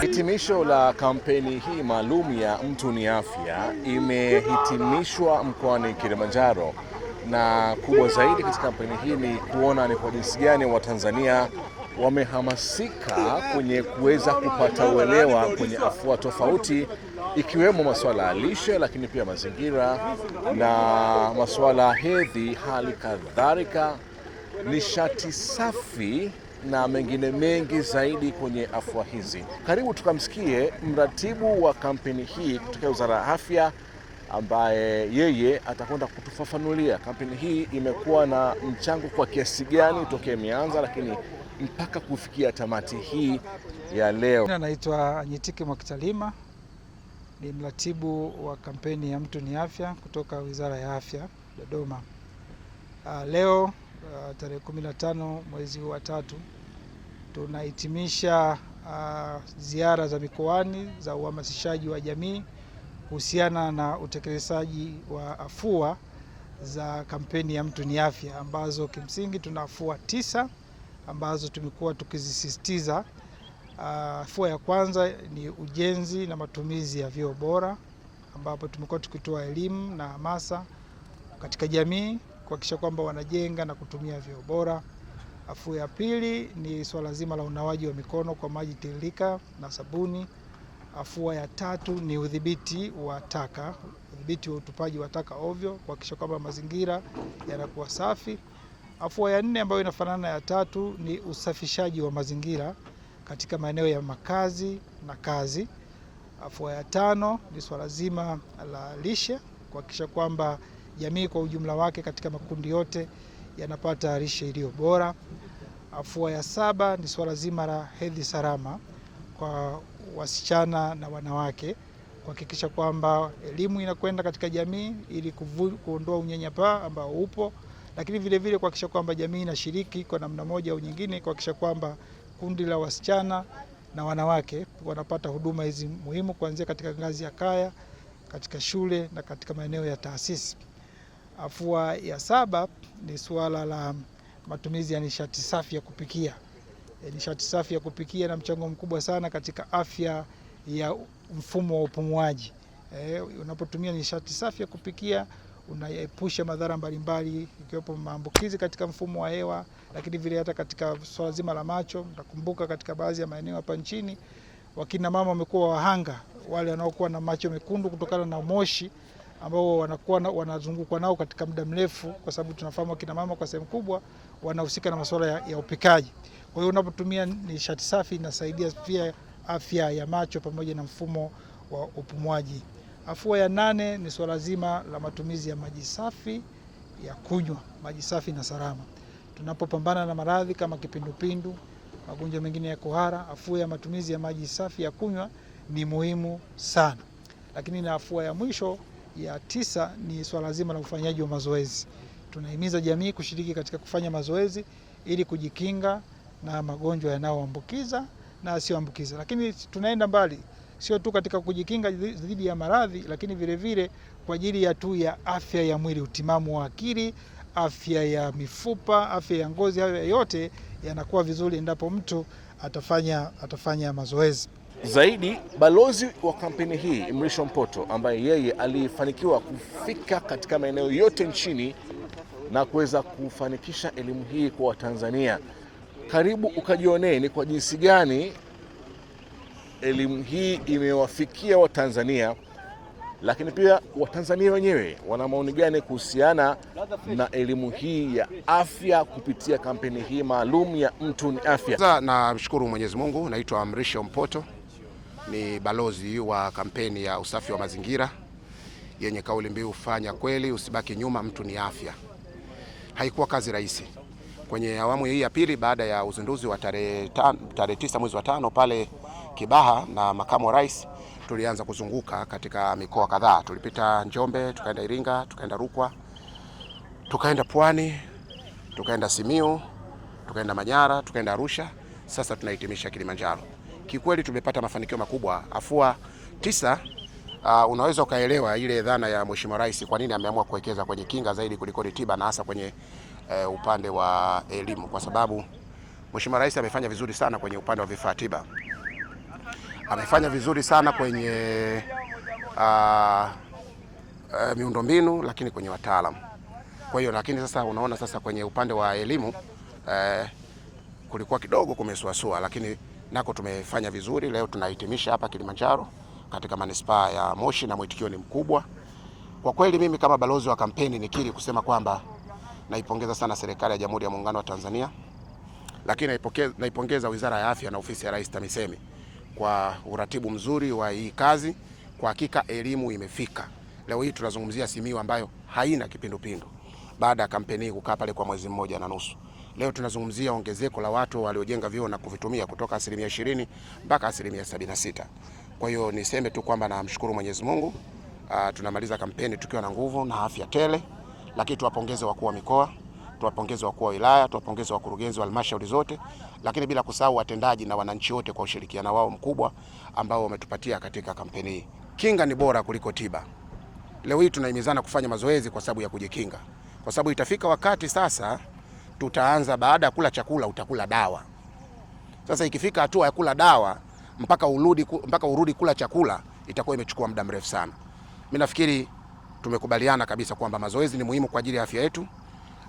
Hitimisho la kampeni hii maalum ya Mtu ni Afya imehitimishwa mkoani Kilimanjaro, na kubwa zaidi katika kampeni hii ni kuona ni kwa jinsi gani Watanzania wamehamasika kwenye kuweza kupata uelewa kwenye afua tofauti ikiwemo masuala ya lishe, lakini pia mazingira na masuala ya hedhi, hali kadhalika nishati safi na mengine mengi zaidi kwenye afua hizi. Karibu tukamsikie mratibu wa kampeni hii kutokea Wizara ya Afya ambaye yeye atakwenda kutufafanulia kampeni hii imekuwa na mchango kwa kiasi gani tokea imeanza, lakini mpaka kufikia tamati hii ya leo. Anaitwa Nyitike Mwakitalima ni mratibu wa kampeni ya Mtu ni Afya kutoka Wizara ya Afya Dodoma. Uh, leo uh, tarehe 15 mwezi wa tatu tunahitimisha uh, ziara za mikoani za uhamasishaji wa jamii kuhusiana na utekelezaji wa afua za kampeni ya Mtu ni Afya ambazo kimsingi tuna afua tisa ambazo tumekuwa tukizisisitiza Afua ah, ya kwanza ni ujenzi na matumizi ya vyoo bora, ambapo tumekuwa tukitoa elimu na hamasa katika jamii kuhakikisha kwamba wanajenga na kutumia vyoo bora. Afua ah, ya pili ni swala zima la unawaji wa mikono kwa maji tiririka na sabuni. Afua ah, ya tatu ni udhibiti wa taka, udhibiti wa utupaji wa taka ovyo, kuhakikisha kwamba mazingira yanakuwa safi. Afua ya nne ambayo inafanana ya tatu ni usafishaji wa mazingira katika maeneo ya makazi na kazi. Afua ya tano ni swala zima la lishe, kuhakikisha kwamba jamii kwa ujumla wake katika makundi yote yanapata lishe iliyo bora. Afua ya saba ni swala zima la hedhi salama kwa wasichana na wanawake, kuhakikisha kwamba elimu inakwenda katika jamii ili kuondoa unyanyapaa ambao upo, lakini vilevile kuhakikisha kwamba jamii inashiriki kwa namna moja au nyingine kuhakikisha kwamba kundi la wasichana na wanawake wanapata huduma hizi muhimu kuanzia katika ngazi ya kaya, katika shule na katika maeneo ya taasisi. Afua ya saba ni suala la matumizi ya nishati safi ya kupikia. E, nishati safi ya kupikia na mchango mkubwa sana katika afya ya mfumo wa upumuaji. E, unapotumia nishati safi ya kupikia unaepusha madhara mbalimbali ikiwepo maambukizi katika mfumo wa hewa, lakini vile hata katika swala zima la macho. Nakumbuka katika baadhi ya maeneo hapa nchini wakina mama wamekuwa wahanga wale wanaokuwa na macho mekundu kutokana na moshi ambao wanakuwa na, wanazungukwa nao katika muda mrefu, kwa sababu tunafahamu akina mama kwa sehemu kubwa wanahusika na masuala ya, ya upikaji. Kwa hiyo unapotumia nishati safi inasaidia pia afya ya macho pamoja na mfumo wa upumuaji. Afua ya nane ni swala zima la matumizi ya maji safi ya kunywa, maji safi na salama. Tunapopambana na maradhi kama kipindupindu, magonjwa mengine ya kuhara, afua ya matumizi ya maji safi ya kunywa ni muhimu sana. Lakini na afua ya mwisho ya tisa ni swala zima la ufanyaji wa mazoezi. Tunahimiza jamii kushiriki katika kufanya mazoezi ili kujikinga na magonjwa yanayoambukiza na asiyoambukiza, lakini tunaenda mbali sio tu katika kujikinga dhidi ya maradhi, lakini vilevile kwa ajili ya tu ya afya ya mwili, utimamu wa akili, afya ya mifupa, afya ya ngozi. Hayo yote yanakuwa vizuri endapo mtu atafanya, atafanya mazoezi zaidi. Balozi wa kampeni hii Mrisho Mpoto, ambaye yeye alifanikiwa kufika katika maeneo yote nchini na kuweza kufanikisha elimu hii kwa Watanzania, karibu ukajionee ni kwa jinsi gani elimu hii imewafikia Watanzania, lakini pia Watanzania wenyewe wana maoni gani kuhusiana na elimu hii ya afya kupitia kampeni hii maalum ya Mtu ni Afya? Namshukuru Mwenyezi Mungu. Naitwa Mrisho Mpoto, ni balozi wa kampeni ya usafi wa mazingira yenye kauli mbiu fanya kweli, usibaki nyuma, mtu ni afya. Haikuwa kazi rahisi kwenye awamu hii ya pili baada ya uzinduzi wa tarehe tisa mwezi wa tano pale Kibaha na makamu wa rais, tulianza kuzunguka katika mikoa kadhaa. Tulipita Njombe, tukaenda Iringa, tukaenda Rukwa, tukaenda Pwani, tukaenda Simiu, tukaenda Manyara, tukaenda Arusha, sasa tunahitimisha Kilimanjaro. Kikweli tumepata mafanikio makubwa. Afua tisa Uh, unaweza ukaelewa ile dhana ya Mheshimiwa Rais kwa nini ameamua kuwekeza kwenye kinga zaidi kuliko tiba na hasa kwenye uh, upande wa elimu, kwa sababu Mheshimiwa Rais amefanya vizuri sana kwenye upande wa vifaa tiba amefanya vizuri sana kwenye uh, uh, miundombinu lakini kwenye wataalamu. Kwa hiyo lakini sasa unaona sasa kwenye upande wa elimu uh, kulikuwa kidogo kumesuasua, lakini nako tumefanya vizuri. Leo tunahitimisha hapa Kilimanjaro katika manispaa ya Moshi na mwitikio ni mkubwa kwa kweli. Mimi kama balozi wa kampeni nikiri kusema kwamba naipongeza sana serikali ya Jamhuri ya Muungano wa Tanzania, lakini naipongeza Wizara ya Afya na Ofisi ya Rais TAMISEMI kwa uratibu mzuri wa hii kazi. Kwa hakika elimu imefika. Leo hii tunazungumzia Simiyu ambayo haina kipindupindu baada ya kampeni hii kukaa pale kwa mwezi mmoja na nusu. Leo tunazungumzia ongezeko la watu waliojenga vyoo na kuvitumia kutoka asilimia ishirini mpaka asilimia sabini na sita. Kwa hiyo niseme tu kwamba namshukuru Mwenyezi Mungu. Uh, tunamaliza kampeni tukiwa na nguvu na afya tele, lakini tuwapongeze wakuu wa mikoa tuwapongeze wakuu wa wilaya, tuwapongeze wakurugenzi wa halmashauri zote, lakini bila kusahau watendaji na wananchi wote kwa ushirikiano wao mkubwa ambao wametupatia katika kampeni hii. Kinga ni bora kuliko tiba. Leo hii tunahimizana kufanya mazoezi kwa sababu ya kujikinga, kwa sababu itafika wakati sasa tutaanza, baada ya kula chakula utakula dawa. Sasa ikifika hatua ya kula dawa mpaka urudi, mpaka urudi kula chakula itakuwa imechukua muda mrefu sana. Mimi nafikiri tumekubaliana kabisa kwamba mazoezi ni muhimu kwa ajili ya afya yetu.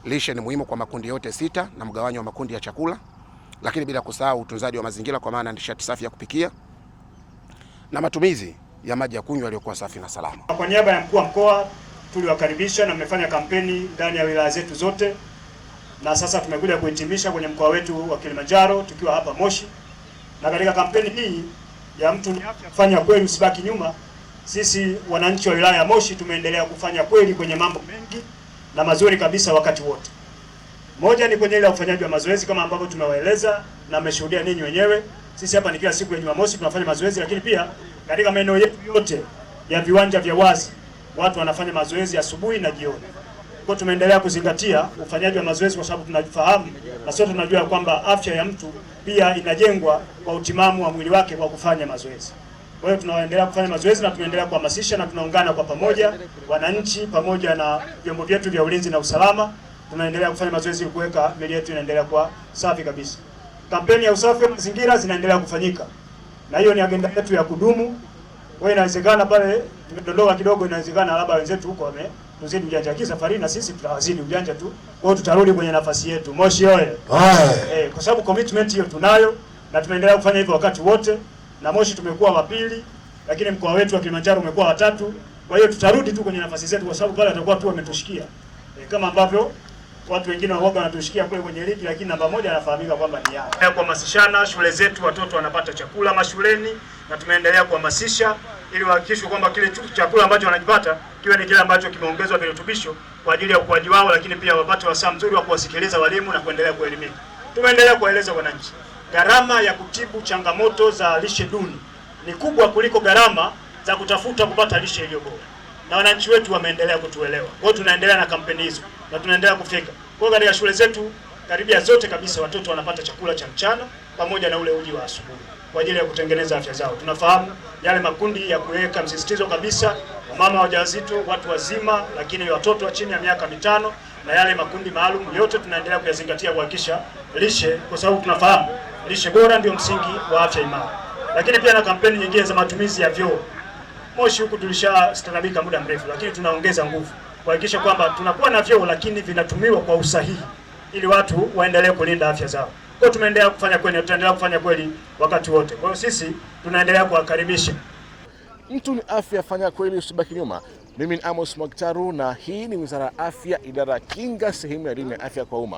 Lishe ni muhimu kwa makundi yote sita na mgawanyo wa makundi ya chakula, lakini bila kusahau utunzaji wa mazingira kwa maana nishati safi ya kupikia na matumizi ya maji ya kunywa yaliyokuwa safi na salama. Kwa niaba ya mkuu wa mkoa tuliwakaribisha na mmefanya kampeni ndani ya wilaya zetu zote, na sasa tumekuja kuhitimisha kwenye mkoa wetu wa Kilimanjaro tukiwa hapa Moshi. Na katika kampeni hii ya mtu ni afya, fanya kweli, usibaki nyuma, sisi wananchi wa wilaya ya Moshi tumeendelea kufanya kweli kwenye mambo mengi na mazuri kabisa wakati wote. Moja ni kwenye ile ufanyaji wa mazoezi kama ambavyo tumewaeleza na mmeshuhudia ninyi wenyewe. Sisi hapa ni kila siku ya Jumamosi tunafanya mazoezi, lakini pia katika maeneo yetu yote ya viwanja vya wazi watu wanafanya mazoezi asubuhi na jioni. Kwa tumeendelea kuzingatia ufanyaji wa mazoezi kwa sababu tunafahamu na sote tunajua kwamba afya ya mtu pia inajengwa kwa utimamu wa mwili wake kwa kufanya mazoezi. Kwa hiyo tunaendelea kufanya mazoezi na tunaendelea kuhamasisha na tunaungana kwa pamoja, wananchi pamoja na vyombo vyetu vya ulinzi na usalama, tunaendelea kufanya mazoezi kuweka meli yetu inaendelea kuwa safi kabisa. Kampeni ya usafi wa mazingira zinaendelea kufanyika, na hiyo ni agenda yetu ya kudumu. Kwa hiyo inawezekana pale tumedondoka kidogo, inawezekana labda wenzetu huko wame tuzidi ujanja, kisa safari na sisi tutawazidi ujanja tu. Kwa hiyo tutarudi kwenye nafasi yetu. Moshi oye! Eh, kwa sababu commitment hiyo tunayo na tumeendelea kufanya hivyo wakati wote na Moshi tumekuwa wa pili, lakini mkoa wetu wa Kilimanjaro umekuwa wa tatu. Kwa hiyo tutarudi tu kwenye nafasi zetu, kwa sababu pale atakuwa tu wametushikia e, eh, kama ambavyo watu wengine wa waoga wanatushikia kule kwenye ligi, lakini namba moja anafahamika kwamba ni yeye. Kwa Kuhamasishana shule zetu, watoto wanapata chakula mashuleni, na tumeendelea kuhamasisha ili wahakikishwe kwamba kile chakula ambacho wanakipata kiwe ni kile ambacho kimeongezwa virutubisho kwa ajili ya ukuaji wao, lakini pia wapate wasaa mzuri wa kuwasikiliza walimu na kuendelea kuelimika. Tumeendelea kuwaeleza wananchi gharama ya kutibu changamoto za lishe duni ni kubwa kuliko gharama za kutafuta kupata lishe iliyo bora, na wananchi wetu wameendelea kutuelewa. Kwa hiyo tunaendelea na kampeni hizo na tunaendelea kufika. Kwa hiyo katika shule zetu karibia zote kabisa watoto wanapata chakula cha mchana pamoja na ule uji wa asubuhi kwa ajili ya kutengeneza afya zao. Tunafahamu yale makundi ya kuweka msisitizo kabisa, wamama wajawazito, watu wazima, lakini watoto wa chini ya miaka mitano na yale makundi maalum, yote tunaendelea kuyazingatia kuhakikisha lishe, kwa sababu tunafahamu lishe bora ndio msingi wa afya imara, lakini pia na kampeni nyingine za matumizi ya vyoo. Moshi huku tulishastaarabika muda mrefu, lakini tunaongeza nguvu kuhakikisha kwamba tunakuwa na vyoo lakini vinatumiwa kwa usahihi ili watu waendelee kulinda afya zao. Kwa hiyo tumeendelea kufanya kweli, tutaendelea kufanya kweli wakati wote. Kwa hiyo sisi tunaendelea kuwakaribisha. Mtu ni afya, fanya kweli, usibaki nyuma. Mimi ni Amos Mwakitaru na hii ni Wizara ya Afya, Idara ya Kinga, sehemu ya elimu ya afya kwa umma.